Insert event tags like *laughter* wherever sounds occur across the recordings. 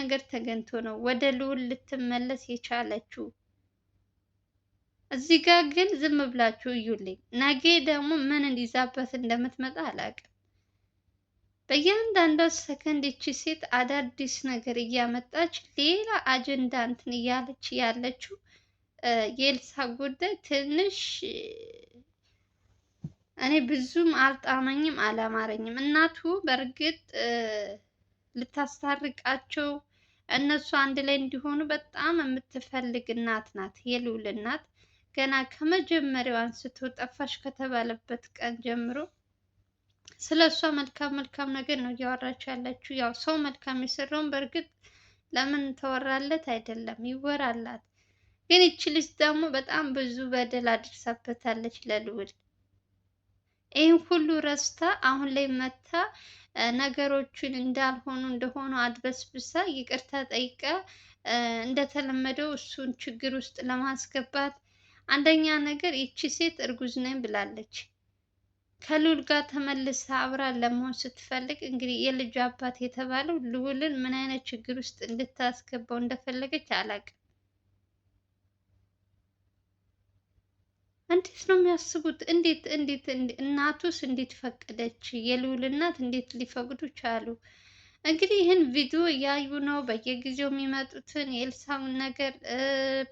ነገር ተገኝቶ ነው ወደ ልዑል ልትመለስ የቻለችው። እዚህ ጋር ግን ዝም ብላችሁ እዩልኝ። ነገ ደግሞ ምን እንዲዛበት እንደምትመጣ አላውቅም። በእያንዳንዷ ሰከንድ ይቺ ሴት አዳዲስ ነገር እያመጣች ሌላ አጀንዳ እንትን እያለች ያለችው የኤልሳ ጉዳይ ትንሽ እኔ ብዙም አልጣመኝም፣ አላማረኝም። እናቱ በእርግጥ ልታስታርቃቸው እነሱ አንድ ላይ እንዲሆኑ በጣም የምትፈልግ እናት ናት። የልዑል እናት ገና ከመጀመሪያው አንስቶ ጠፋሽ ከተባለበት ቀን ጀምሮ ስለ እሷ መልካም መልካም ነገር ነው እያወራች ያለችው። ያው ሰው መልካም የሰራውን በእርግጥ ለምን ተወራለት አይደለም ይወራላት። ግን ይቺ ልጅ ደግሞ በጣም ብዙ በደል አድርሳበታለች ለልዑል ይህን ሁሉ ረስታ አሁን ላይ መታ ነገሮችን እንዳልሆኑ እንደሆኑ አድበስብሳ ይቅርታ ጠይቃ እንደተለመደው እሱን ችግር ውስጥ ለማስገባት አንደኛ ነገር ይቺ ሴት እርጉዝ ነኝ ብላለች። ከልዑል ጋር ተመልሳ አብራ ለመሆን ስትፈልግ እንግዲህ የልጅ አባት የተባለው ልዑልን ምን አይነት ችግር ውስጥ እንድታስገባው እንደፈለገች አላቅም። እንዴት ነው የሚያስቡት? እንዴት እንዴት እናቱስ እንዴት ፈቀደች? የልዑል እናት እንዴት ሊፈቅዱ ቻሉ? እንግዲህ ይህን ቪዲዮ እያዩ ነው በየጊዜው የሚመጡትን የኤልሳውን ነገር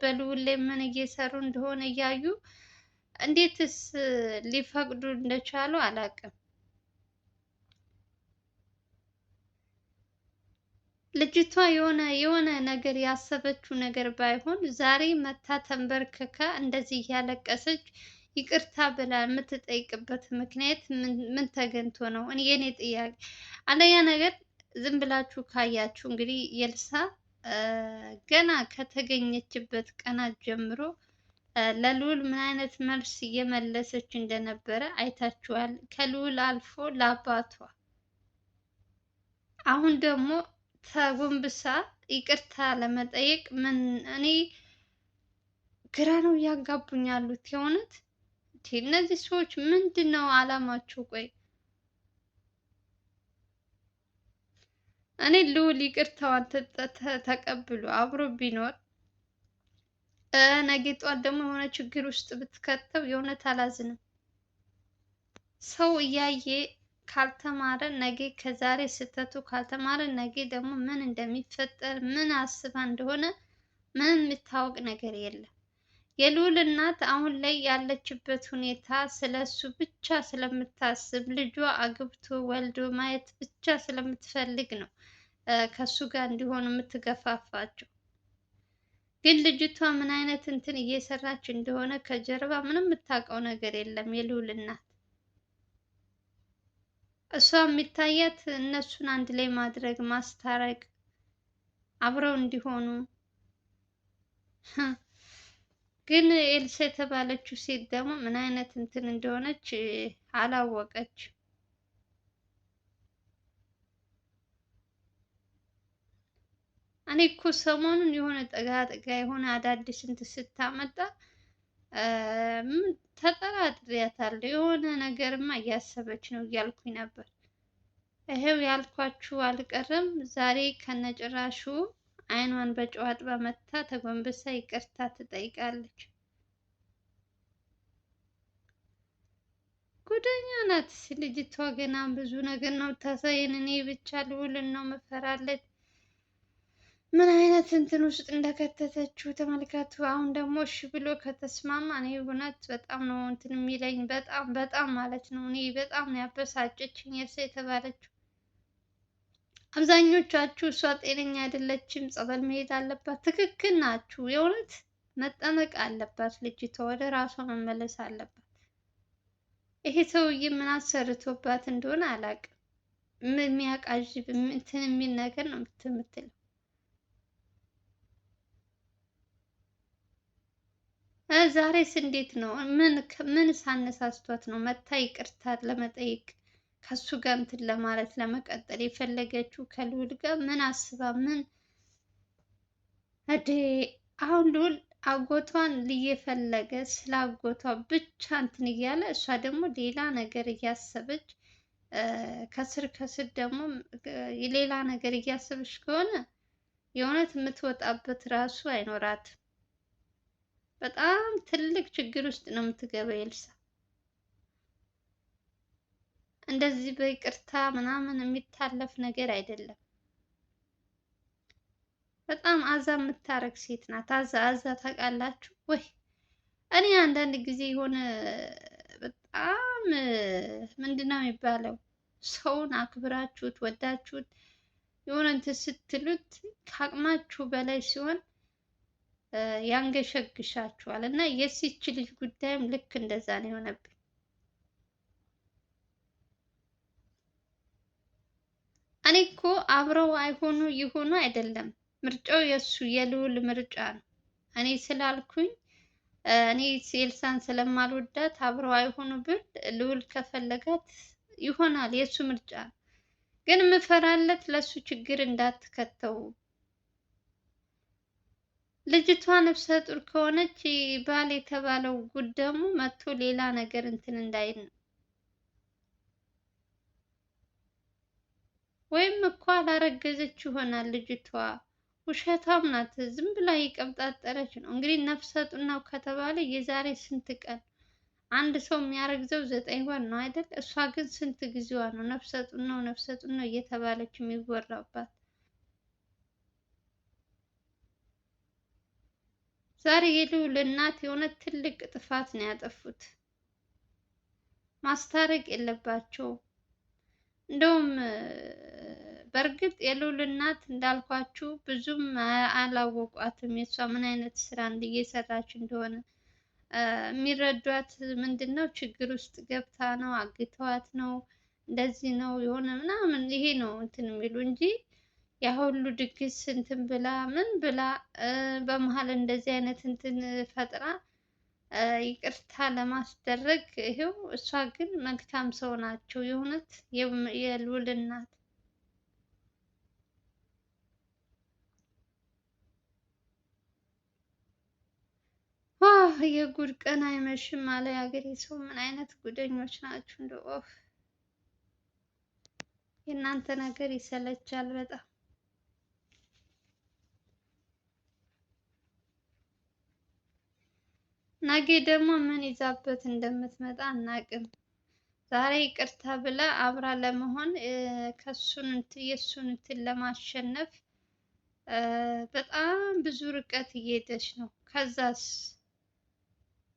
በልዑል ላይ ምን እየሰሩ እንደሆነ እያዩ እንዴትስ ሊፈቅዱ እንደቻሉ አላውቅም። ልጅቷ የሆነ የሆነ ነገር ያሰበችው ነገር ባይሆን ዛሬ መታ ተንበርክካ እንደዚህ እያለቀሰች ይቅርታ ብላ የምትጠይቅበት ምክንያት ምን ተገኝቶ ነው? እኔ የኔ ጥያቄ አንደኛ ነገር ዝም ብላችሁ ካያችሁ እንግዲህ የልሳ ገና ከተገኘችበት ቀናት ጀምሮ ለልዑል ምን አይነት መልስ እየመለሰች እንደነበረ አይታችኋል። ከልዑል አልፎ ለአባቷ አሁን ደግሞ ተጎንብሳ ይቅርታ ለመጠየቅ ምን እኔ ግራ ነው እያጋቡኝ ያሉት የእውነት እነዚህ ሰዎች ምንድን ነው አላማቸው? ቆይ እኔ ልዑል ይቅርታዋን ተቀብሎ አብሮ ቢኖር ነገ ጧት ደግሞ የሆነ ችግር ውስጥ ብትከተው የእውነት አላዝንም። ሰው እያየ ካልተማረ ነገ ከዛሬ ስህተቱ ካልተማረ ነገ ደግሞ ምን እንደሚፈጠር ምን አስባ እንደሆነ ምን የሚታወቅ ነገር የለም። የልዑል እናት አሁን ላይ ያለችበት ሁኔታ ስለሱ ብቻ ስለምታስብ ልጇ አግብቶ ወልዶ ማየት ብቻ ስለምትፈልግ ነው ከሱ ጋር እንዲሆኑ የምትገፋፋቸው። ግን ልጅቷ ምን አይነት እንትን እየሰራች እንደሆነ ከጀርባ ምንም የምታውቀው ነገር የለም የልዑል እናት እሷ የሚታያት እነሱን አንድ ላይ ማድረግ ማስታረቅ፣ አብረው እንዲሆኑ። ግን ኤልሳ የተባለችው ሴት ደግሞ ምን አይነት እንትን እንደሆነች አላወቀች። እኔ እኮ ሰሞኑን የሆነ ጠጋ ጠጋ የሆነ አዳዲስ እንትን ስታመጣ አጥሪያታለሁ። የሆነ ነገርማ እያሰበች ነው እያልኩኝ ነበር። ይሄው ያልኳችሁ አልቀርም። ዛሬ ከነጭራሹ አይኗን በጨዋጥ በመታ ተጎንብሳ ይቅርታ ትጠይቃለች። ጉደኛ ናት ልጅቷ። ገና ብዙ ነገር ነው ታሳየን። እኔ ብቻ ልውልን ነው መፈራለት ምን አይነት እንትን ውስጥ እንደከተተችው ተመልከቱ። አሁን ደግሞ እሺ ብሎ ከተስማማ እኔ እውነት በጣም ነው እንትን የሚለኝ በጣም በጣም ማለት ነው። እኔ በጣም ያበሳጨችኝ የእርሳ የተባለችው አብዛኞቻችሁ እሷ ጤነኛ አይደለችም፣ ጸበል መሄድ አለባት። ትክክል ናችሁ። የእውነት መጠመቅ አለባት ልጅቷ፣ ወደ ራሷ መመለስ አለባት። ይሄ ሰውዬ ምን አሰርቶባት እንደሆነ አላውቅም። የሚያቃዥ እንትን የሚል ነገር ነው የምትለው ዛሬስ እንዴት ነው? ምን ሳነሳስቷት ነው መታ ይቅርታ ለመጠየቅ ከሱ ጋር እንትን ለማለት ለመቀጠል የፈለገችው? ከልዑል ጋር ምን አስባ ምን እዴ አሁን ልዑል አጎቷን ልየፈለገ ስለ አጎቷ ብቻ እንትን እያለ እሷ ደግሞ ሌላ ነገር እያሰበች ከስር ከስር ደግሞ ሌላ ነገር እያሰበች ከሆነ የእውነት የምትወጣበት ራሱ አይኖራትም። በጣም ትልቅ ችግር ውስጥ ነው የምትገባው ኤልሳ። እንደዚህ በይቅርታ ምናምን የሚታለፍ ነገር አይደለም። በጣም አዛ የምታረግ ሴት ናት። አዛ አዛ ታውቃላችሁ ወይ? እኔ አንዳንድ ጊዜ የሆነ በጣም ምንድነው የሚባለው ሰውን አክብራችሁት ወዳችሁት የሆነ እንትን ስትሉት ከአቅማችሁ በላይ ሲሆን ያንገሸግሻችኋል። እና የሲች ልጅ ጉዳይም ልክ እንደዛ ነው የሆነብኝ። እኔ እኮ አብረው አይሆኑ ይሆኑ አይደለም፣ ምርጫው የእሱ የልዑል ምርጫ ነው። እኔ ስላልኩኝ እኔ ኤልሳን ስለማልወዳት አብረው አይሆኑ ብል ልዑል ከፈለጋት ይሆናል፣ የእሱ ምርጫ ነው። ግን ምፈራለት ለእሱ ችግር እንዳትከተው ልጅቷ ነፍሰ ጡር ከሆነች ባል የተባለው ጉድ ደግሞ መጥቶ ሌላ ነገር እንትን እንዳይል ነው። ወይም እኮ አላረገዘች ይሆናል ልጅቷ ውሸታም ናት። ዝም ብላ እየቀብጣጠረች ነው። እንግዲህ ነፍሰ ጡር ነው ከተባለ የዛሬ ስንት ቀን አንድ ሰው የሚያረግዘው ዘጠኝ ወር ነው አይደል? እሷ ግን ስንት ጊዜዋ ነው ነፍሰ ጡር ነው ነፍሰ ጡር ነው እየተባለች የሚወራባት? ዛሬ የልዑል እናት የሆነ ትልቅ ጥፋት ነው ያጠፉት። ማስታረቅ የለባቸውም። እንደውም በእርግጥ የልዑል እናት እንዳልኳችሁ ብዙም አላወቋትም። የእሷ ምን አይነት ስራ እየሰራች እንደሆነ የሚረዷት ምንድን ነው ችግር ውስጥ ገብታ ነው አግተዋት ነው እንደዚህ ነው የሆነ ምናምን ይሄ ነው እንትን የሚሉ እንጂ ያ ሁሉ ድግስ እንትን ብላ ምን ብላ በመሀል እንደዚህ አይነት እንትን ፈጥራ ይቅርታ ለማስደረግ ይሄው። እሷ ግን መልካም ሰው ናቸው የእውነት የልዑል እናት። የጉድ ቀን አይመሽም አለ የሀገሬ ሰው። ምን አይነት ጉደኞች ናችሁ? እንደ ኦፍ! የእናንተ ነገር ይሰለቻል በጣም። ነገ ደግሞ ምን ይዛበት እንደምትመጣ አናቅም። ዛሬ ይቅርታ ብላ አብራ ለመሆን ከሱን የእሱን እንትን ለማሸነፍ በጣም ብዙ ርቀት እየሄደች ነው። ከዛስ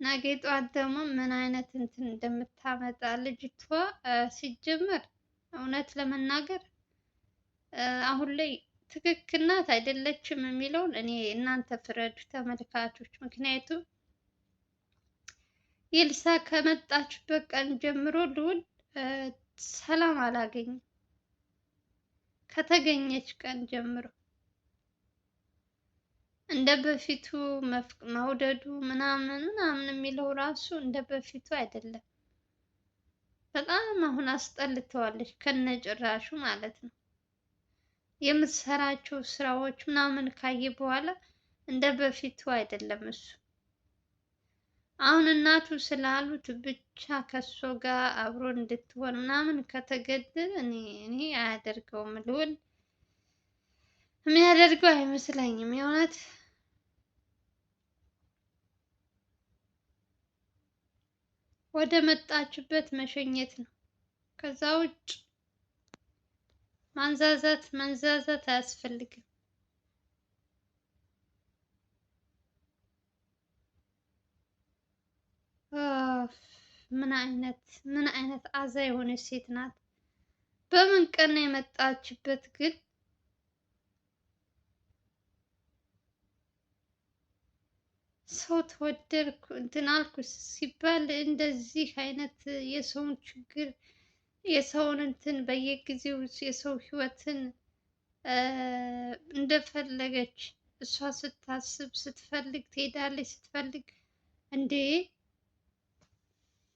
ነገ ጧት ደግሞ ምን አይነት እንትን እንደምታመጣ ልጅቷ ሲጀመር እውነት ለመናገር አሁን ላይ ትክክል ናት አይደለችም የሚለውን እኔ እናንተ ፍረዱ ተመልካቾች። ምክንያቱም ኤልሳ ከመጣችበት ቀን ጀምሮ ልውል ሰላም አላገኝም። ከተገኘች ቀን ጀምሮ እንደ በፊቱ መውደዱ ምናምን ምናምን የሚለው ራሱ እንደ በፊቱ አይደለም። በጣም አሁን አስጠልተዋለች ከነጭራሹ ማለት ነው። የምትሰራቸው ስራዎች ምናምን ካየ በኋላ እንደ በፊቱ አይደለም እሱ አሁን እናቱ ስላሉት ብቻ ከእሷ ጋር አብሮ እንድትሆን ምናምን ከተገደለ እኔ አያደርገውም። ልውል የሚያደርገው አይመስለኝም የእውነት ወደ መጣችበት መሸኘት ነው። ከዛ ውጭ ማንዛዛት መንዛዛት አያስፈልግም። ምን አይነት ምን አይነት አዛ የሆነች ሴት ናት? በምን ቀን ነው የመጣችበት ግን? ሰው ተወደድኩ እንትን አልኩ ሲባል እንደዚህ አይነት የሰውን ችግር የሰውን እንትን በየጊዜው የሰው ህይወትን እንደፈለገች እሷ ስታስብ ስትፈልግ ትሄዳለች። ስትፈልግ እንዴ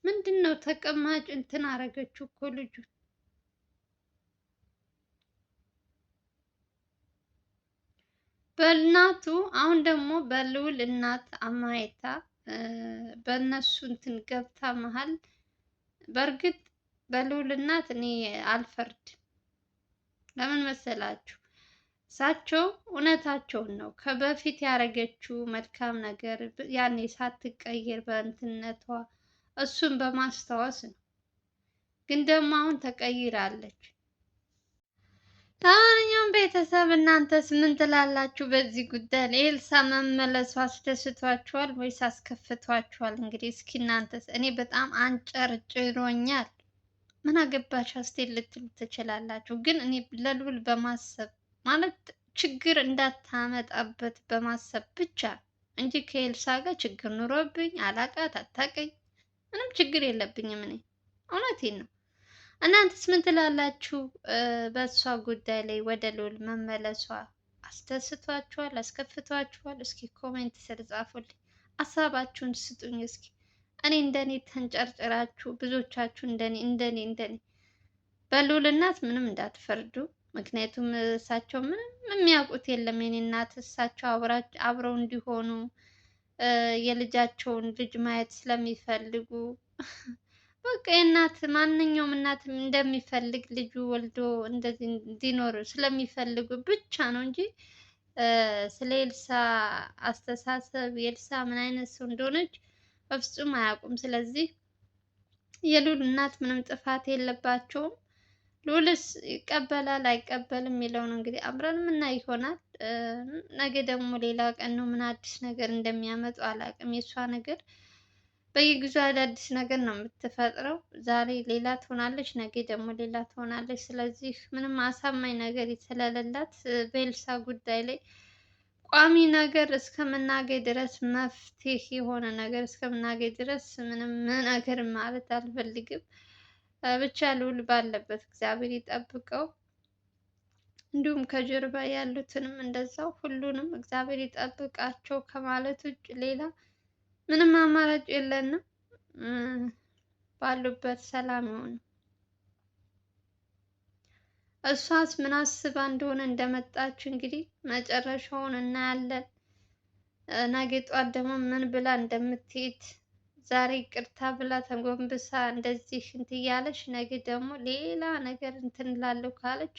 ምንድን ነው ተቀማጭ እንትን አደረገችው እኮ ልጁ። በእናቱ አሁን ደግሞ በልውል እናት አማይታ በእነሱ እንትን ገብታ መሀል። በእርግጥ በልውል እናት እኔ አልፈርድ ለምን መሰላችሁ? እሳቸው እውነታቸውን ነው። ከበፊት ያደረገችው መልካም ነገር ያኔ ሳትቀየር በእንትነቷ እሱን በማስታወስ ነው። ግን ደግሞ አሁን ተቀይራለች። ለማንኛውም ቤተሰብ እናንተስ ምን ትላላችሁ በዚህ ጉዳይ? ኤልሳ መመለስ አስደስቷችኋል ወይስ አስከፍቷችኋል? እንግዲህ እስኪ እናንተስ። እኔ በጣም አንጨርጭሮኛል። ምን አገባሽ አስቴ ልትሉ ትችላላችሁ። ግን እኔ ለሉል በማሰብ ማለት ችግር እንዳታመጣበት በማሰብ ብቻ እንጂ ከኤልሳ ጋር ችግር ኑሮብኝ አላቃት አታቀኝ ምንም ችግር የለብኝም እኔ እውነቴን ነው። እናንተስ ምን ትላላችሁ? በእሷ ጉዳይ ላይ ወደ ልዑል መመለሷ አስደስቷችኋል? አስከፍቷችኋል? እስኪ ኮሜንት ስር ጻፉልኝ፣ ሀሳባችሁን ስጡኝ። እስኪ እኔ እንደኔ ተንጨርጭራችሁ ብዙዎቻችሁ እንደኔ እንደኔ እንደኔ በልዑል እናት ምንም እንዳትፈርዱ። ምክንያቱም እሳቸው ምንም የሚያውቁት የለም። የኔ እናት እሳቸው አብረው እንዲሆኑ የልጃቸውን ልጅ ማየት ስለሚፈልጉ *laughs* በቃ የእናት ማንኛውም እናት እንደሚፈልግ ልጁ ወልዶ እንደዚህ እንዲኖር ስለሚፈልጉ ብቻ ነው እንጂ ስለ ኤልሳ አስተሳሰብ ኤልሳ ምን አይነት ሰው እንደሆነች በፍጹም አያውቁም። ስለዚህ የሉል እናት ምንም ጥፋት የለባቸውም። ሉልስ ይቀበላል አይቀበልም የሚለውን እንግዲህ አብረን ምና ይሆናል። ነገ ደግሞ ሌላ ቀን ነው። ምን አዲስ ነገር እንደሚያመጡ አላውቅም። የእሷ ነገር በየጊዜው አዳዲስ ነገር ነው የምትፈጥረው። ዛሬ ሌላ ትሆናለች፣ ነገ ደግሞ ሌላ ትሆናለች። ስለዚህ ምንም አሳማኝ ነገር የተለለላት በኤልሳ ጉዳይ ላይ ቋሚ ነገር እስከምናገኝ ድረስ መፍትሄ የሆነ ነገር እስከምናገኝ ድረስ ምንም ነገር ማለት አልፈልግም። ብቻ ልዑል ባለበት እግዚአብሔር ይጠብቀው። እንዲሁም ከጀርባ ያሉትንም እንደዛው ሁሉንም እግዚአብሔር ይጠብቃቸው ከማለት ውጭ ሌላ ምንም አማራጭ የለንም። ባሉበት ሰላም ይሁን። እሷስ ምን አስባ እንደሆነ እንደመጣች እንግዲህ መጨረሻውን እናያለን። ነገ ጧት ደግሞ ምን ብላ እንደምትሄድ ዛሬ ይቅርታ ብላ ተጎንብሳ እንደዚህ እንትን እያለች ነገ ደግሞ ሌላ ነገር እንትን እላለሁ ካለች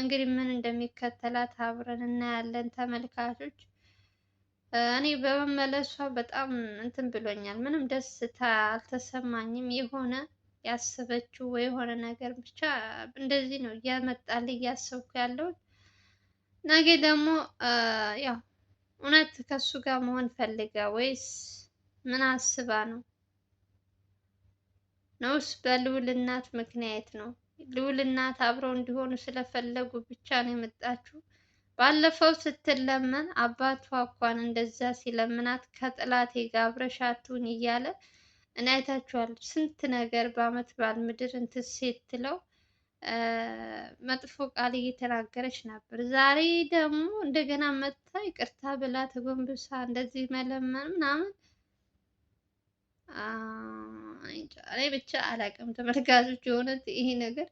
እንግዲህ ምን እንደሚከተላት አብረን እናያለን ተመልካቾች። እኔ በመመለሷ በጣም እንትን ብሎኛል። ምንም ደስታ አልተሰማኝም። የሆነ ያሰበችው ወይ የሆነ ነገር ብቻ እንደዚህ ነው እያመጣል እያሰብኩ ያለው ነገ ደግሞ ያው እውነት ከሱ ጋር መሆን ፈልጋ ወይስ ምን አስባ ነው? ነውስ በልዑል እናት ምክንያት ነው? ልዑል እናት አብረው እንዲሆኑ ስለፈለጉ ብቻ ነው የመጣችው? ባለፈው ስትለመን አባቷ እንኳን እንደዛ ሲለምናት ከጥላቴ ጋር አብረሽ አትሁን እያለ እኔ አይታችኋል። ስንት ነገር በአመት ባል ምድር እንትን ስትለው መጥፎ ቃል እየተናገረች ነበር። ዛሬ ደግሞ እንደገና መጥታ ይቅርታ ብላ ተጎንብሳ እንደዚህ መለመን ምናምን እኔ ብቻ አላቅም። ተመልካቾች የሆነት ይሄ ነገር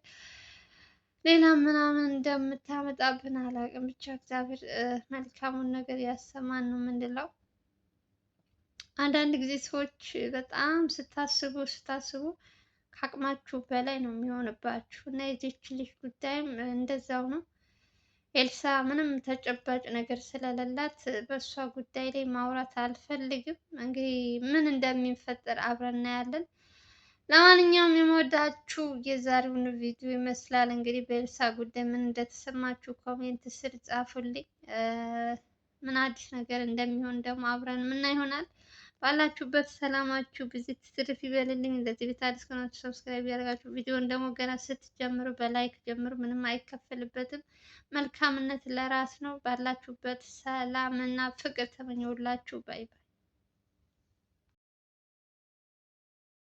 ሌላ ምናምን እንደምታመጣብን አላቅም። ብቻ እግዚአብሔር መልካሙን ነገር ያሰማን ነው የምንለው። አንዳንድ ጊዜ ሰዎች በጣም ስታስቡ ስታስቡ ከአቅማችሁ በላይ ነው የሚሆንባችሁ እና የዚች ልጅ ጉዳይም እንደዛው ነው። ኤልሳ ምንም ተጨባጭ ነገር ስለሌላት በእሷ ጉዳይ ላይ ማውራት አልፈልግም። እንግዲህ ምን እንደሚፈጠር አብረን እናያለን። ለማንኛውም የምወዳችሁ የዛሬውን ቪዲዮ ይመስላል። እንግዲህ በኤልሳ ጉዳይ ምን እንደተሰማችሁ ኮሜንት ስር ጻፉልኝ። ምን አዲስ ነገር እንደሚሆን ደግሞ አብረን ምና ይሆናል። ባላችሁበት ሰላማችሁ ብዚት ትርፍ ይበልልኝ። እንደዚህ ቤት አዲስ ከሆናችሁ ሰብስክራይብ ያደርጋችሁ፣ ቪዲዮን ደግሞ ገና ስትጀምሩ በላይክ ጀምሩ። ምንም አይከፈልበትም። መልካምነት ለራስ ነው። ባላችሁበት ሰላምና ፍቅር ተመኘሁላችሁ። ባይ ባይ።